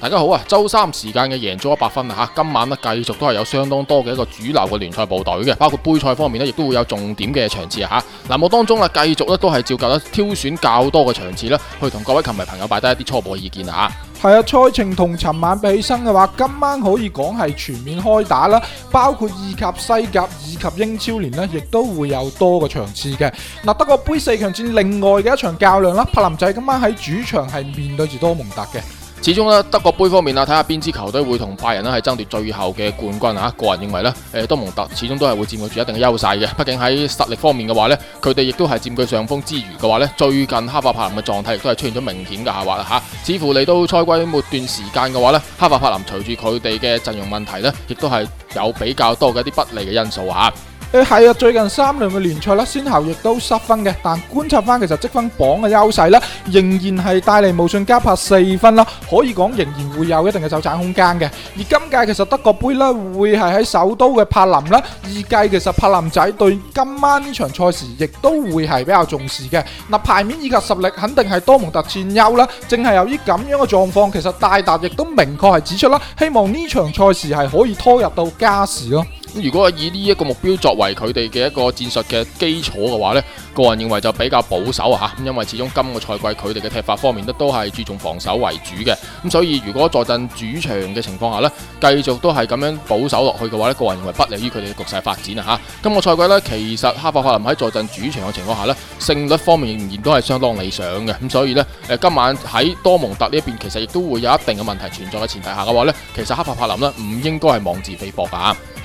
大家好啊！周三時間嘅贏足一百分啊吓，今晚呢，繼續都係有相當多嘅一個主流嘅聯賽部隊嘅，包括杯賽方面呢，亦都會有重點嘅場次啊吓。欄目當中啦，繼續咧都係照舊咧挑選較多嘅場次啦，去同各位球迷朋友擺低一啲初步嘅意見啊吓。係啊，賽、啊、程同尋晚比起身嘅話，今晚可以講係全面開打啦，包括意甲、西甲以及英超聯呢，亦都會有多個場次嘅。嗱、啊，德國杯四強戰另外嘅一場較量啦，柏林仔今晚喺主場係面對住多蒙特嘅。始終德國杯方面啊，睇下邊支球隊會同拜仁咧係爭奪最後嘅冠軍啊！個人認為咧，誒多蒙特始終都係會佔據住一定嘅優勢嘅，畢竟喺實力方面嘅話呢，佢哋亦都係佔據上風之餘嘅話呢，最近哈化柏林嘅狀態亦都係出現咗明顯嘅下滑吓，似乎嚟到賽季末段時間嘅話，哈化柏林隨住佢哋嘅陣容問題呢，亦都係有比較多嘅一啲不利嘅因素啊。誒係啊，最近三輪嘅聯賽啦，先後亦都失分嘅，但觀察翻其實積分榜嘅優勢啦，仍然係帶嚟慕遜加柏四分啦，可以講仍然會有一定嘅走產空間嘅。而今屆其實德國盃啦，會係喺首都嘅柏林啦，預計其實柏林仔對今晚呢場賽事亦都會係比較重視嘅。嗱，牌面以及實力肯定係多蒙特佔優啦，正係由於咁樣嘅狀況，其實戴達亦都明確係指出啦，希望呢場賽事係可以拖入到加時咯。如果以呢一個目標作為佢哋嘅一個戰術嘅基礎嘅話呢，個人認為就比較保守啊。吓，因為始終今個賽季佢哋嘅踢法方面都都係注重防守為主嘅。咁所以如果坐鎮主場嘅情況下呢，繼續都係咁樣保守落去嘅話呢，個人認為不利於佢哋嘅局勢發展啊。吓，今個賽季呢，其實哈法柏林喺坐鎮主場嘅情況下呢，勝率方面仍然都係相當理想嘅。咁所以呢，誒，今晚喺多蒙特呢一邊，其實亦都會有一定嘅問題存在嘅前提下嘅話呢，其實哈法柏林呢，唔應該係妄自菲薄㗎。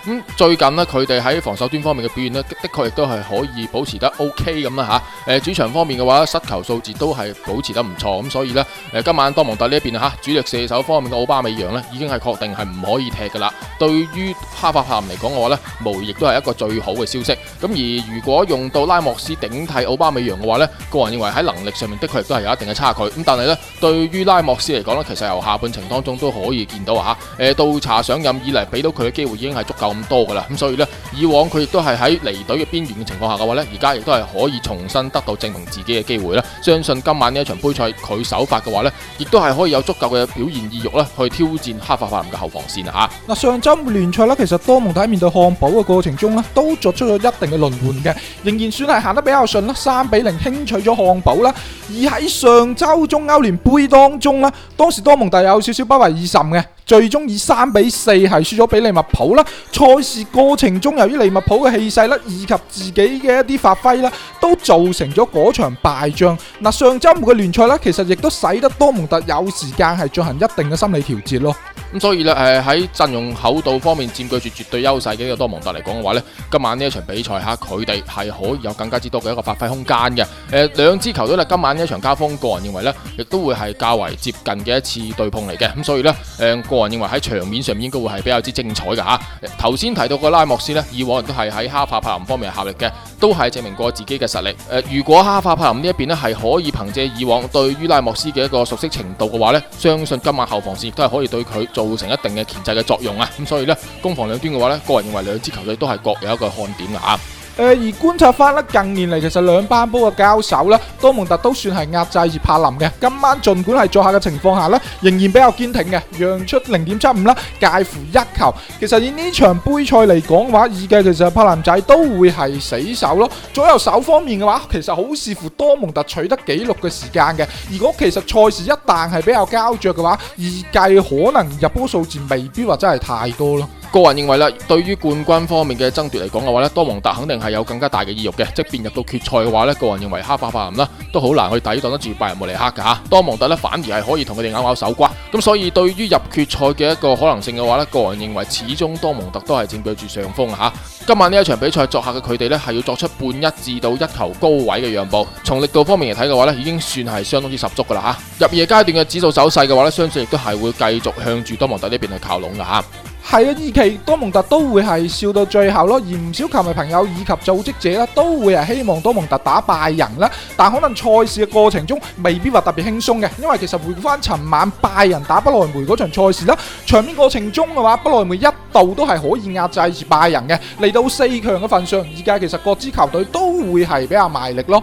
咁、嗯、最近咧，佢哋喺防守端方面嘅表現呢，的確亦都係可以保持得 OK 咁啦嚇。誒、啊、主場方面嘅話，失球數字都係保持得唔錯。咁、啊、所以呢，誒今晚多蒙特呢一邊啊主力射手方面嘅奧巴美揚咧，已經係確定係唔可以踢噶啦。對於哈法帕林嚟講嘅話呢，無疑亦都係一個最好嘅消息。咁、啊、而如果用到拉莫斯頂替奧巴美揚嘅話呢，個人認為喺能力上面的確亦都係有一定嘅差距。咁、啊、但係呢，對於拉莫斯嚟講呢，其實由下半程當中都可以見到啊嚇。誒到查上任以嚟，俾到佢嘅機會已經係足夠。咁多噶啦，咁所以呢，以往佢亦都係喺離隊嘅邊緣嘅情況下嘅話呢，而家亦都係可以重新得到證明自己嘅機會啦。相信今晚呢一場杯賽，佢首發嘅話呢，亦都係可以有足夠嘅表現意欲啦，去挑戰黑法法林嘅後防線啊！嗱，上周聯賽呢，其實多蒙特喺面對漢堡嘅過程中呢，都作出咗一定嘅輪換嘅，仍然算係行得比較順啦，三比零輕取咗漢堡啦。而喺上周中歐聯杯當中呢，當時多蒙特有少少不為意嘅。最終以三比四係輸咗俾利物浦啦！賽事過程中由於利物浦嘅氣勢啦，以及自己嘅一啲發揮啦，都造成咗嗰場敗仗。嗱，上周末嘅聯賽咧，其實亦都使得多蒙特有時間係進行一定嘅心理調節咯。咁、嗯、所以呢，誒喺陣容厚度方面佔據住絕對優勢嘅一個多蒙特嚟講嘅話呢，今晚呢一場比賽吓，佢哋係可以有更加之多嘅一個發揮空間嘅。誒、呃，兩支球隊咧，今晚呢一場交鋒，個人認為呢，亦都會係較為接近嘅一次對碰嚟嘅。咁所以呢。誒、呃個人認為喺場面上面應該會係比較之精彩嘅吓、啊，頭先提到個拉莫斯呢，以往都係喺哈法柏林方面效力嘅，都係證明過自己嘅實力。誒、呃，如果哈法柏林呢一邊咧係可以憑借以往對於拉莫斯嘅一個熟悉程度嘅話呢，相信今晚後防線亦都係可以對佢造成一定嘅鉗制嘅作用啊。咁所以呢，攻防兩端嘅話呢，個人認為兩支球隊都係各有一個看點噶吓、啊。誒，而觀察翻咧，近年嚟其實兩班波嘅交手咧，多蒙特都算係壓制住柏林嘅。今晚儘管係作客嘅情況下咧，仍然比較堅挺嘅，讓出零點七五啦，介乎一球。其實以呢場盃賽嚟講嘅話，預計其實柏林仔都會係死守咯。左右手方面嘅話，其實好視乎多蒙特取得紀錄嘅時間嘅。如果其實賽事一旦係比較膠着嘅話，預計可能入波數字未必話真係太多咯。個人認為啦，對於冠軍方面嘅爭奪嚟講嘅話咧，多蒙特肯定係有更加大嘅意欲嘅。即便入到決賽嘅話咧，個人認為哈化柏林啦都好難去抵擋得住拜仁慕尼黑噶吓。多蒙特咧反而係可以同佢哋咬咬手瓜。咁所以對於入決賽嘅一個可能性嘅話咧，個人認為始終多蒙特都係佔據住上風吓。今晚呢一場比賽作客嘅佢哋咧係要作出半一至到一球高位嘅讓步，從力度方面嚟睇嘅話咧，已經算係相當之十足噶啦吓。入夜階段嘅指數走勢嘅話咧，相信亦都係會繼續向住多蒙特呢邊去靠攏噶吓。係啊，二期多蒙特都會係笑到最後咯，而唔少球迷朋友以及組織者都會係希望多蒙特打拜仁啦。但可能賽事嘅過程中未必話特別輕鬆嘅，因為其實回顧翻尋晚拜仁打不來梅嗰場賽事啦，場面過程中嘅話不來梅一度都係可以壓制而拜仁嘅。嚟到四強嘅份上，而家其實各支球隊都會係比較賣力咯。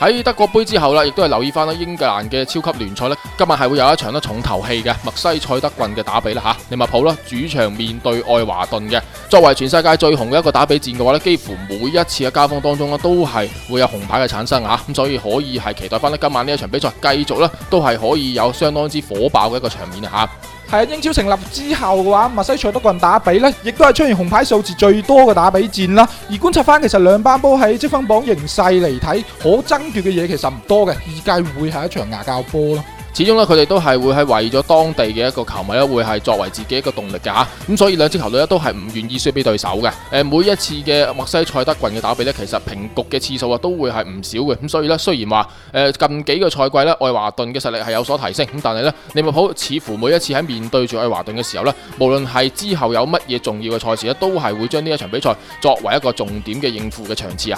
喺德國杯之後啦，亦都係留意翻啦，英格蘭嘅超級聯賽咧，今晚係會有一場咧重頭戲嘅，默西塞德郡嘅打比啦吓，利物浦啦主場面對愛華頓嘅，作為全世界最紅嘅一個打比戰嘅話咧，幾乎每一次嘅交鋒當中咧，都係會有紅牌嘅產生啊，咁所以可以係期待翻咧今晚呢一場比賽繼續咧，都係可以有相當之火爆嘅一個場面吓。係英超成立之後嘅話，默西塞德郡打比咧，亦都係出現紅牌數字最多嘅打比戰啦。而觀察翻，其實兩班波喺積分榜形勢嚟睇，可爭奪嘅嘢其實唔多嘅，預計會係一場牙教波咯。始終咧，佢哋都係會係為咗當地嘅一個球迷咧，會係作為自己一個動力嘅吓。咁所以兩支球隊咧都係唔願意輸俾對手嘅。誒，每一次嘅默西塞德郡嘅打比呢，其實平局嘅次數啊都會係唔少嘅。咁所以呢，雖然話誒近幾個賽季咧，愛華頓嘅實力係有所提升，咁但係呢，利物浦似乎每一次喺面對住愛華頓嘅時候呢，無論係之後有乜嘢重要嘅賽事咧，都係會將呢一場比賽作為一個重點嘅應付嘅場次吓。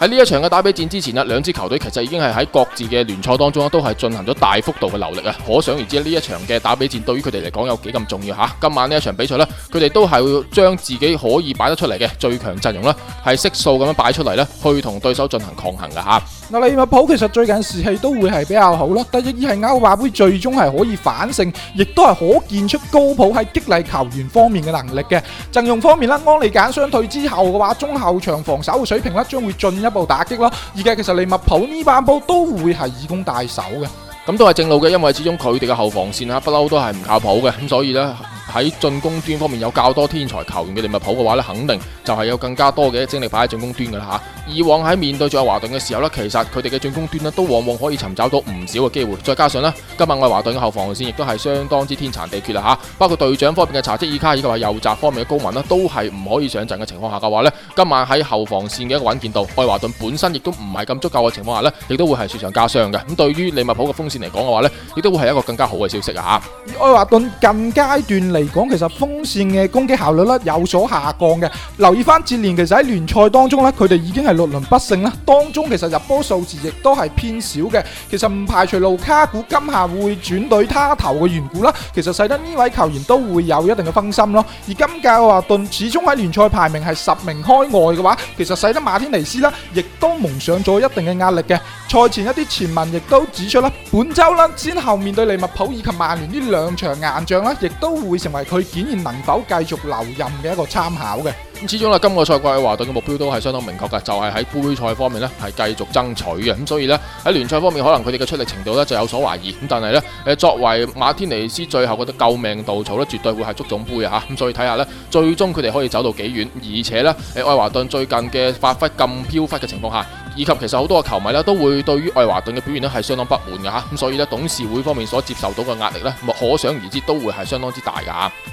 喺呢一場嘅打比戰之前呢，兩支球隊其實已經係喺各自嘅聯賽當中都係進行咗大幅度。會留力啊！可想而知呢一場嘅打比戰，對於佢哋嚟講有幾咁重要吓。今晚呢一場比賽呢，佢哋都係會將自己可以擺得出嚟嘅最強陣容啦，係悉數咁樣擺出嚟呢，去同對手進行抗衡嘅吓。嗱，利物浦其實最近士氣都會係比較好咯，得益於係歐霸盃最終係可以反勝，亦都係可見出高普喺激勵球員方面嘅能力嘅。陣容方面呢，安利簡傷退之後嘅話，中後場防守水平呢將會進一步打擊囉。而家其實利物浦呢班波都會係以攻帶守嘅。咁都係正路嘅，因為始終佢哋嘅後防線啊，不嬲都係唔靠譜嘅，咁所以呢。喺進攻端方面有較多天才球員嘅利物浦嘅話呢，肯定就係有更加多嘅精力擺喺進攻端噶啦吓。以往喺面對住愛華頓嘅時候呢，其實佢哋嘅進攻端呢，都往往可以尋找到唔少嘅機會。再加上呢，今晚愛華頓嘅後防線亦都係相當之天殘地缺啦吓。包括隊長方面嘅查茲爾卡，以及係右閘方面嘅高文呢，都係唔可以上陣嘅情況下嘅話呢，今晚喺後防線嘅一個穩健度，愛華頓本身亦都唔係咁足夠嘅情況下呢，亦都會係雪上加霜嘅。咁對於利物浦嘅鋒線嚟講嘅話呢，亦都會係一個更加好嘅消息啊吓。愛華頓近階段嚟。嚟講，其實鋒線嘅攻擊效率咧有所下降嘅。留意翻戰聯，其實喺聯賽當中咧，佢哋已經係六輪不勝啦。當中其實入波數字亦都係偏少嘅。其實唔排除盧卡古今夏會轉隊他投嘅緣故啦。其實使得呢位球員都會有一定嘅分心咯。而今屆嘅愛華頓始終喺聯賽排名係十名開外嘅話，其實使得馬天尼斯呢亦都蒙上咗一定嘅壓力嘅。賽前一啲傳聞亦都指出啦，本周啦先後面對利物浦以及曼聯呢兩場硬仗啦，亦都會成。同埋佢竟然能否繼續留任嘅一個參考嘅。咁始終啦，今個賽季愛華頓嘅目標都係相當明確嘅，就係、是、喺杯賽方面呢係繼續爭取嘅。咁所以呢，喺聯賽方面，可能佢哋嘅出力程度呢就有所懷疑。咁但係呢，誒作為馬天尼斯最後嘅救命稻草呢，絕對會係足總杯嘅啊！咁所以睇下呢，最終佢哋可以走到幾遠？而且呢，誒愛華頓最近嘅發揮咁飄忽嘅情況下，以及其實好多嘅球迷呢都會對於愛華頓嘅表現呢係相當不滿嘅吓。咁、啊、所以呢，董事會方面所接受到嘅壓力呢，可想而知都會係相當之大噶。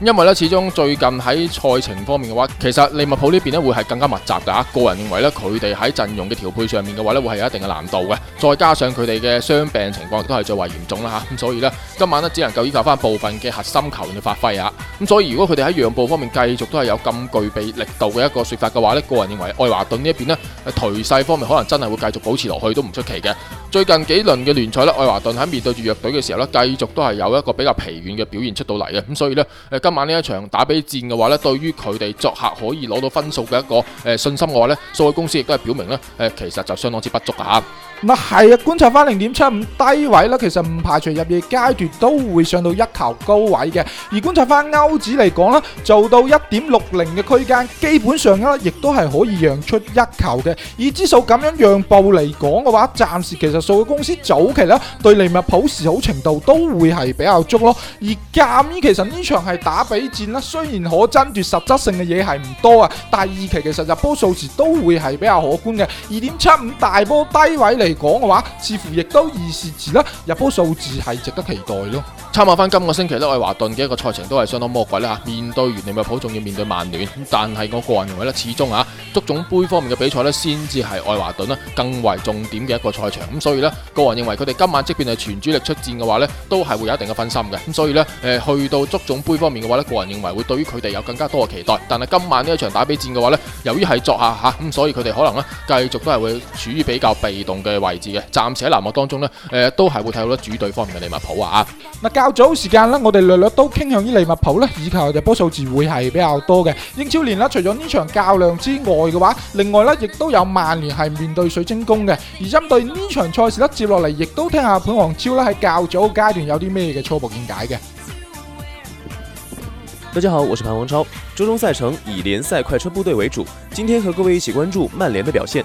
因為咧，始終最近喺賽程方面嘅話，其實利物浦呢邊咧會係更加密集噶。個人認為咧，佢哋喺陣容嘅調配上面嘅話咧，會係有一定嘅難度嘅。再加上佢哋嘅傷病情況都係最為嚴重啦吓，咁所以呢，今晚咧只能夠依靠翻部分嘅核心球員嘅發揮啊。咁所以如果佢哋喺讓步方面繼續都係有咁具備力度嘅一個說法嘅話咧，個人認為愛華頓呢一邊咧，頹勢方面可能真係會繼續保持落去都唔出奇嘅。最近幾輪嘅聯賽呢愛華頓喺面對住弱隊嘅時候呢，繼續都係有一個比較疲軟嘅表現出到嚟嘅，咁所以呢，誒今晚呢一場打比戰嘅話呢，對於佢哋作客可以攞到分數嘅一個誒信心嘅話呢，數位公司亦都係表明呢，誒其實就相當之不足嘅吓嗱係啊，觀察翻零點七五低位啦，其實唔排除入夜階段都會上到一球高位嘅。而觀察翻歐指嚟講啦，做到一點六零嘅區間，基本上咧亦都係可以讓出一球嘅。以指數咁樣讓步嚟講嘅話，暫時其實數據公司早期咧對利物浦時好程度都會係比較足咯。而鑒於其實呢場係打比戰啦，雖然可爭奪實質性嘅嘢係唔多啊，第二期其實入波數字都會係比較可觀嘅。二點七五大波低位嚟。嚟講嘅話，似乎亦都預示住啦，入波數字係值得期待咯。參考翻今個星期咧，愛華頓嘅一個賽程都係相當魔鬼咧嚇，面對完利物浦仲要面對曼聯，但係我個人認為咧，始終嚇足總杯方面嘅比賽咧，先至係愛華頓咧更為重點嘅一個賽場，咁所以咧個人認為佢哋今晚即便係全主力出戰嘅話咧，都係會有一定嘅分心嘅，咁所以咧誒去到足總杯方面嘅話咧，個人認為會對於佢哋有更加多嘅期待，但係今晚呢一場打比戰嘅話咧，由於係作客嚇，咁所以佢哋可能咧繼續都係會處於比較被動嘅位置嘅，暫時喺欄目當中咧誒都係會睇到主隊方面嘅利物浦啊，較早時間啦，我哋略略都傾向於利物浦咧，以及嗰波數字會係比較多嘅英超聯啦。除咗呢場較量之外嘅話，另外呢亦都有曼聯係面對水晶宮嘅。而針對呢場賽事咧，接落嚟亦都聽下潘王超咧喺較早階段有啲咩嘅初步見解嘅。大家好，我是潘王超，周中賽程以聯賽快車部隊為主，今天和各位一起關注曼聯的表現。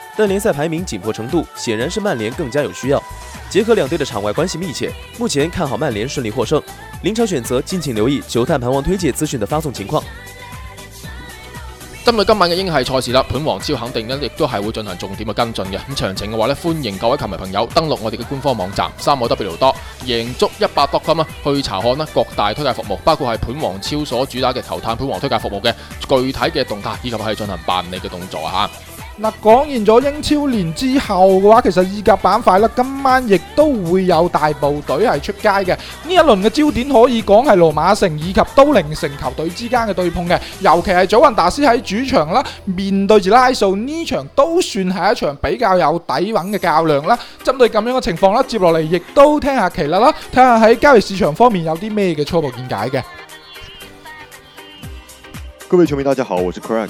但聯賽排名緊迫程度顯然是曼聯更加有需要。結合兩隊的場外關係密切，目前看好曼聯順利獲勝。臨場選擇，敬請留意球探盤王推介資訊的發送情況。針對今晚嘅英系賽事啦，盤王超肯定呢亦都係會進行重點嘅跟進嘅。咁詳情嘅話呢，歡迎各位球迷朋友登錄我哋嘅官方網站三個 W 多，贏足一百多金啦，去查看呢各大推介服務，包括係盤王超所主打嘅球探盤王推介服務嘅具體嘅動態以及係進行辦理嘅動作啊。嗱，講完咗英超聯之後嘅話，其實意甲板塊咧，今晚亦都會有大部隊係出街嘅。呢一輪嘅焦點可以講係羅馬城以及都靈城球隊之間嘅對碰嘅，尤其係祖雲達斯喺主場啦，面對住拉素呢場都算係一場比較有底蘊嘅較量啦。針對咁樣嘅情況啦，接落嚟亦都聽下奇啦啦，睇下喺交易市場方面有啲咩嘅初步見解嘅。各位球迷，大家好，我是 Craig。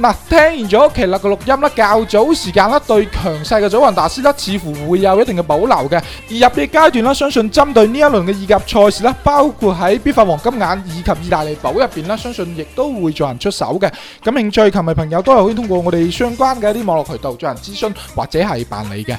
嗱，聽完咗奇立嘅錄音啦，較早時間啦，對強勢嘅祖雲達斯啦，似乎會有一定嘅保留嘅。而入呢階段啦，相信針對呢一輪嘅意甲賽事啦，包括喺必發黃金眼以及意大利寶入邊啦，相信亦都會進行出手嘅。咁興趣球迷朋友都係可以通過我哋相關嘅一啲網絡渠道進行諮詢或者係辦理嘅。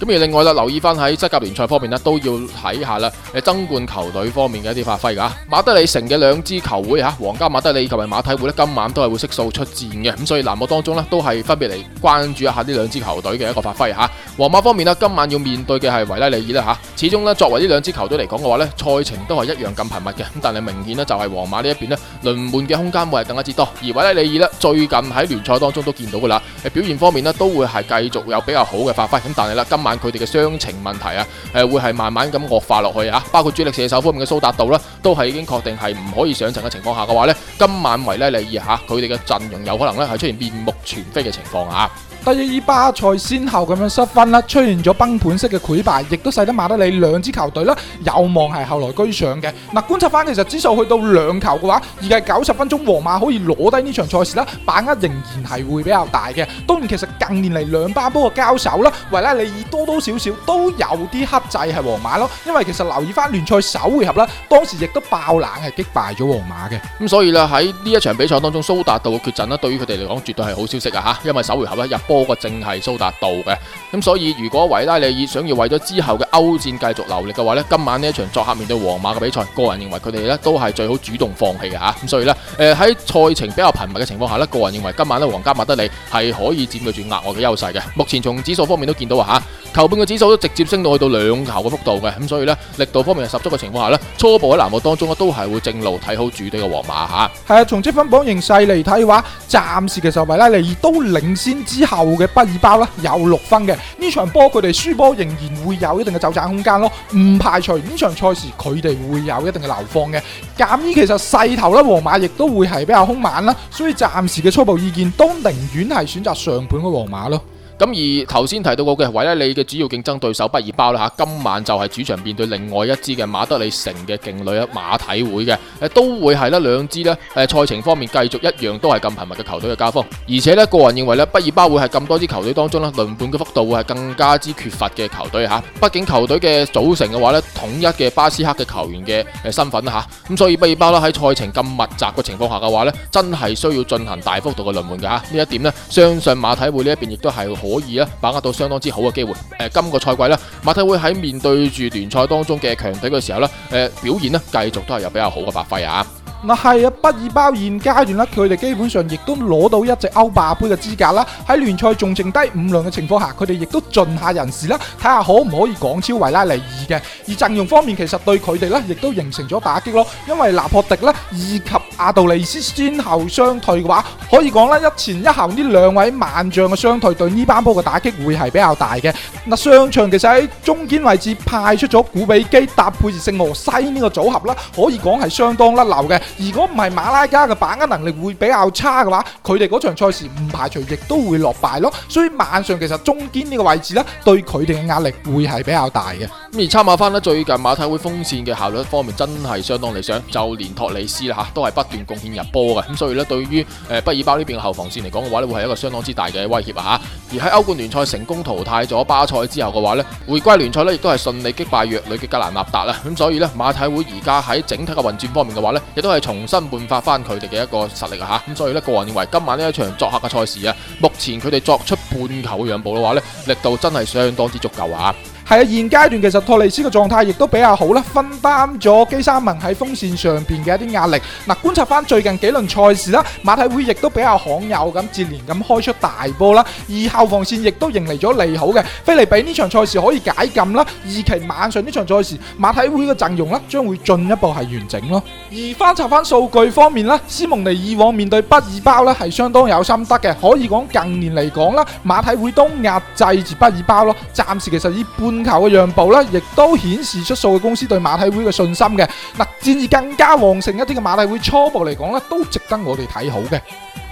咁而另外啦，留意翻喺西甲聯賽方面呢都要睇下啦。誒，爭冠球隊方面嘅一啲發揮噶，馬德里城嘅兩支球會吓，皇家馬德里同埋馬體會呢今晚都係會悉數出戰嘅。咁所以欄目當中呢都係分別嚟關注一下呢兩支球隊嘅一個發揮吓。皇馬方面呢今晚要面對嘅係維拉利爾啦吓。始終呢作為呢兩支球隊嚟講嘅話呢，賽程都係一樣咁頻密嘅。咁但係明顯呢就係皇馬呢一邊呢，輪換嘅空間會係更加之多。而維拉利爾咧，最近喺聯賽當中都見到噶啦，表現方面呢都會係繼續有比較好嘅發揮。咁但係啦，今今晚佢哋嘅傷情問題啊，誒、呃、會係慢慢咁惡化落去啊，包括主力射手方面嘅蘇達度啦、啊，都係已經確定係唔可以上陣嘅情況下嘅話呢。今晚維拉利爾吓佢哋嘅陣容有可能咧係出現面目全非嘅情況啊。第二巴塞先後咁樣失分啦、啊，出現咗崩盤式嘅潰敗，亦都使得馬德里兩支球隊啦、啊、有望係後來居上嘅。嗱，觀察翻其實指數去到兩球嘅話，而計九十分鐘皇馬可以攞低呢場賽事啦、啊，把握仍然係會比較大嘅。當然，其實近年嚟兩巴波嘅交手啦、啊，維拉利爾。多多少少都有啲克制係皇馬咯，因為其實留意翻聯賽首回合啦，當時亦都爆冷係擊敗咗皇馬嘅。咁、嗯、所以咧喺呢一場比賽當中，蘇達道嘅缺陣咧，對於佢哋嚟講絕對係好消息啊！吓，因為首回合咧入波嘅正係蘇達道嘅。咁、嗯、所以如果維拉利爾想要為咗之後嘅歐戰繼續留力嘅話咧，今晚呢一場作客面對皇馬嘅比賽，個人認為佢哋咧都係最好主動放棄嘅吓，咁、嗯、所以咧，誒、呃，喺賽程比較頻密嘅情況下咧，個人認為今晚咧皇家馬德里係可以佔據住額外嘅優勢嘅。目前從指數方面都見到啊吓。球半嘅指數都直接升到去到兩球嘅幅度嘅，咁所以呢，力度方面係十足嘅情況下呢，初步喺藍球當中都係會正路睇好主隊嘅皇馬吓。係啊，從積分榜形勢嚟睇嘅話，暫時其實維拉利爾都領先之後嘅畢爾包呢有六分嘅，呢場波佢哋輸波仍然會有一定嘅走盞空間咯，唔排除呢場賽事佢哋會有一定嘅流放嘅。鑒於其實勢頭啦，皇馬亦都會係比較凶猛啦，所以暫時嘅初步意見都寧願係選擇上盤嘅皇馬咯。咁而頭先提到過嘅維拉利嘅主要競爭對手畢爾包啦嚇，今晚就係主場面對另外一支嘅馬德里城嘅勁旅馬體會嘅，都會係呢兩支呢誒，賽程方面繼續一樣都係咁頻密嘅球隊嘅交鋒，而且呢個人認為呢，畢爾包會係咁多支球隊當中呢輪換嘅幅度會係更加之缺乏嘅球隊吓，畢竟球隊嘅組成嘅話咧統一嘅巴斯克嘅球員嘅身份吓，咁所以畢爾包啦喺賽程咁密集嘅情況下嘅話呢真係需要進行大幅度嘅輪換嘅吓，呢一點呢，相信馬體會呢一邊亦都係好。可以咧，把握到相當之好嘅機會。誒、呃，今個賽季咧，馬體會喺面對住聯賽當中嘅強隊嘅時候咧，誒、呃，表現咧繼續都係有比較好嘅發揮啊！嗱係啊，畢爾包現階段啦，佢哋基本上亦都攞到一隻歐霸杯嘅資格啦。喺聯賽仲剩低五輪嘅情況下，佢哋亦都盡下人事啦。睇下可唔可以趕超維拉尼爾嘅。而陣容方面，其實對佢哋咧，亦都形成咗打擊咯。因為納破迪咧以及阿道尼斯先後傷退嘅話，可以講啦，一前一後呢兩位萬將嘅傷退，對呢班波嘅打擊會係比較大嘅。嗱，上場其實喺中間位置派出咗古比基搭配住聖何西呢個組合啦，可以講係相當甩漏嘅。如果唔係馬拉加嘅把握能力會比較差嘅話，佢哋嗰場賽事唔排除亦都會落敗咯。所以晚上其實中堅呢個位置咧，對佢哋嘅壓力會係比較大嘅。咁而參考翻咧最近馬體會鋒線嘅效率方面，真係相當理想。就連托里斯啦嚇，都係不斷貢獻入波嘅。咁所以咧，對於誒畢爾包呢邊嘅後防線嚟講嘅話咧，會係一個相當之大嘅威脅啊嚇。而喺歐冠聯賽成功淘汰咗巴塞之後嘅話咧，回歸聯賽咧亦都係順利擊敗弱旅嘅格蘭納達啦。咁所以咧，馬體會而家喺整體嘅運轉方面嘅話咧，亦都係。重新煥發翻佢哋嘅一個實力啊！吓，咁，所以呢，個人認為今晚呢一場作客嘅賽事啊，目前佢哋作出半球嘅讓步嘅話呢，力度真係相當之足夠啊！係啊，現階段其實托利斯嘅狀態亦都比較好啦，分擔咗基沙文喺鋒線上邊嘅一啲壓力。嗱，觀察翻最近幾輪賽事啦，馬體會亦都比較罕有咁接連咁開出大波啦。而後防線亦都迎嚟咗利好嘅，菲利比呢場賽事可以解禁啦。二期晚上呢場賽事，馬體會嘅陣容啦將會進一步係完整咯。而翻查翻數據方面啦，斯蒙尼以往面對畢爾包咧係相當有心得嘅，可以講近年嚟講啦，馬體會都壓制住畢爾包咯。暫時其實以半球嘅讓步呢，亦都顯示出數嘅公司對馬體會嘅信心嘅。嗱，戰意更加旺盛一啲嘅馬體會，初步嚟講呢，都值得我哋睇好嘅。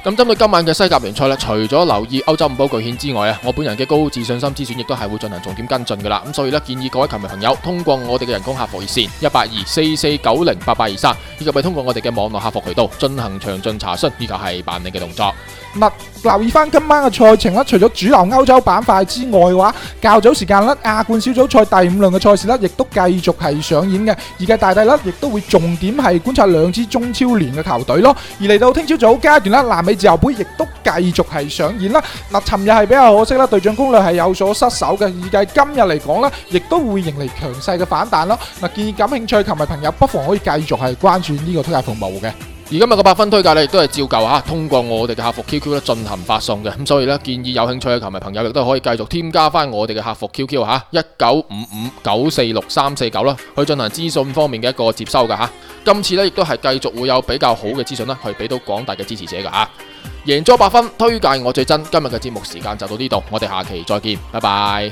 咁針對今晚嘅西甲聯賽呢，除咗留意歐洲五寶巨獻之外啊，我本人嘅高自信心之選亦都係會進行重點跟進噶啦。咁所以呢，建議各位球迷朋友通過我哋嘅人工客服熱線一八二四四九零八八二三，以及係通過我哋嘅網絡客服渠道進行詳盡查詢，以及係辦理嘅動作。嗱，留意翻今晚嘅賽程啦，除咗主流歐洲板塊之外嘅話，較早時間咧亞冠小組賽第五輪嘅賽事咧，亦都繼續係上演嘅，而家大體咧亦都會重點係觀察兩支中超聯嘅球隊咯，而嚟到聽朝早階段咧，南美自由杯亦都繼續係上演啦。嗱，尋日係比較可惜啦，對仗攻略係有所失守嘅，預計今日嚟講咧，亦都會迎嚟強勢嘅反彈咯。嗱，建議感興趣球迷朋友不妨可以繼續係關注呢個推介服務嘅。而今日嘅百分推介呢亦都係照舊吓，通過我哋嘅客服 QQ 咧，進行發送嘅。咁所以呢，建議有興趣嘅球迷朋友亦都可以繼續添加翻我哋嘅客服 QQ 吓，一九五五九四六三四九啦，9，去進行資訊方面嘅一個接收嘅吓。今次呢，亦都係繼續會有比較好嘅資訊呢，去俾到廣大嘅支持者㗎吓。贏咗百分推介我最真，今日嘅節目時間就到呢度，我哋下期再見，拜拜。